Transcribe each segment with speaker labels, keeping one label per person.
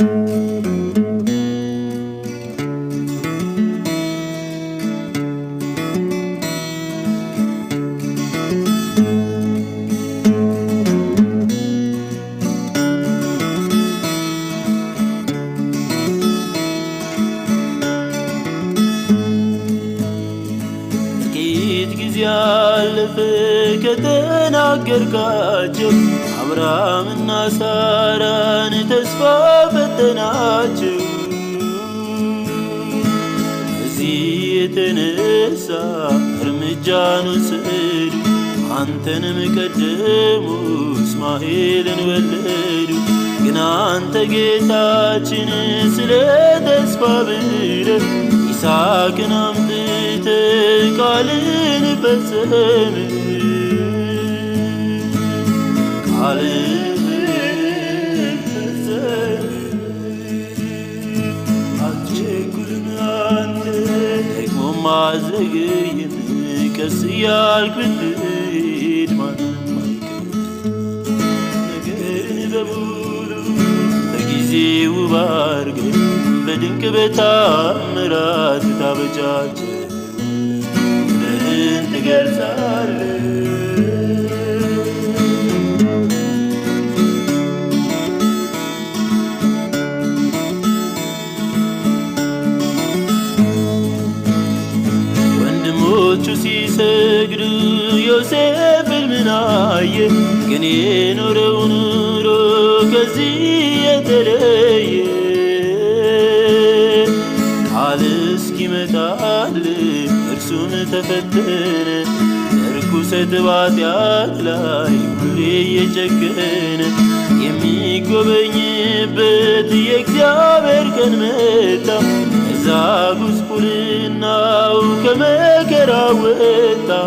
Speaker 1: ጥቂት ጊዜ አለፈ ከተናገርካቸው አብርሃምና ሳራን ተስፋ ፈተናቸው። እዚህ የተነሳ እርምጃን ወሰዱ፣ አንተንም ቀደሙ፣ እስማኤልን ወለዱ። ግን አንተ ጌታችን ስለ ተስፋ ብለ ይስሐቅን አምጥተህ ቃልን ፈጸምህ። mazegin kasiyar bidin man ነገርን በሙሉ በጊዜው ባርግ በድንቅ በታምራት ታበጃች ምን ትገልጻ ሌሎቹ ሲሰግዱ ዮሴፍን ምናየ ግን የኖረው ኑሮ ከዚህ የተለየ ቃል እስኪመጣል እርሱም ተፈተነ በርኩሰት ባጢአት ላይ ሁሌ እየጨከነ የሚጎበኝበት የእግዚአብሔር ቀን መጣ እዛ ጉስቁልናው ከመ keraweta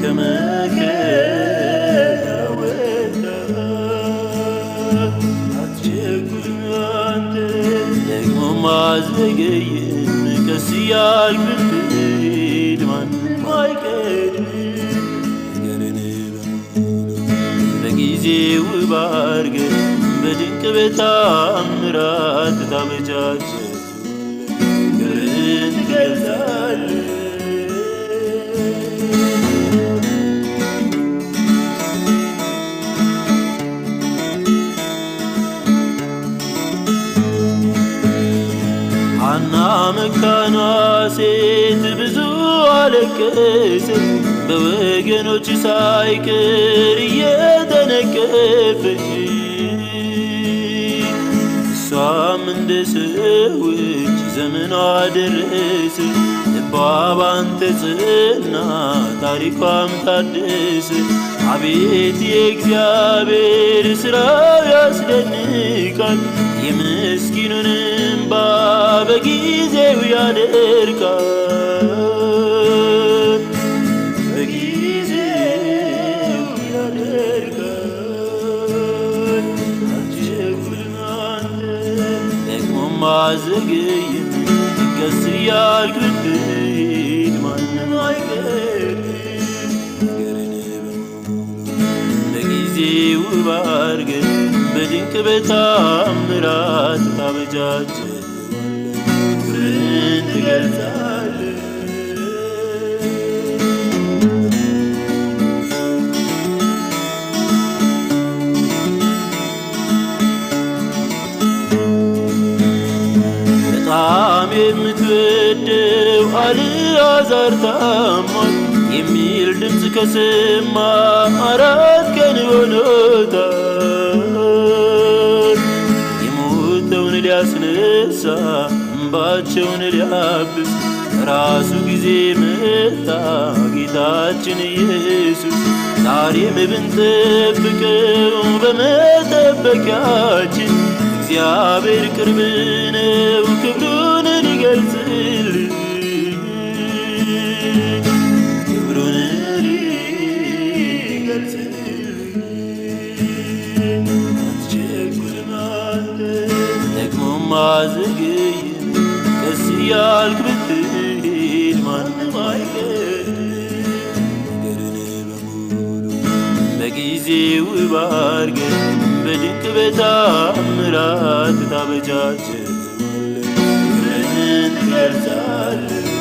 Speaker 1: kama keraweta atçekunde legomaz begeyim kasiyar gündür man vay kedir ጊዜው ባርግ በድንቅ ቤት አምራት ታበጃችን ሐና መካኗ ሴት ብዙ አለቀሰ በወገኖች ሳይቀር እየተነቀፈች እሷም እንደ ሰዎች ዘመኗ ደረሰ ልባባን ተጽና ታሪኳም ታደሰ አቤት የእግዚአብሔር ሥራው ያስደንቃል የምስኪኑን በጊዜው ያደርጋል በጊዜው ያደርጋል አትቸኩልና አንተ ደግሞም አዘገየን ቀስ እያልክብኝ ማንም አይቀርም ነገርን በሙሉ በጊዜው ባርገን በድንቅ በታምራት ታበጃችን የምትወደው አልዓዛር ታሟል የሚል ድምፅ ከሰማ አራት ቀን ሆኖታል። የሞተውን ሊያስነሳ እንባቸውን ሊያብስ ራሱ ጊዜ መጣ ጌታችን ኢየሱስ። ዛሬም ብንጠብቀው በመጠበቂያችን እግዚአብሔር ቅርብ ነው። እያልክ ብትሄድ ማንም አይቀርም። ነገርን በሙሉ በጊዜው ባርገን በድንቅ በታምራት ታበጃጀዋለህ፣ ፍቅርህን ትገልጻለህ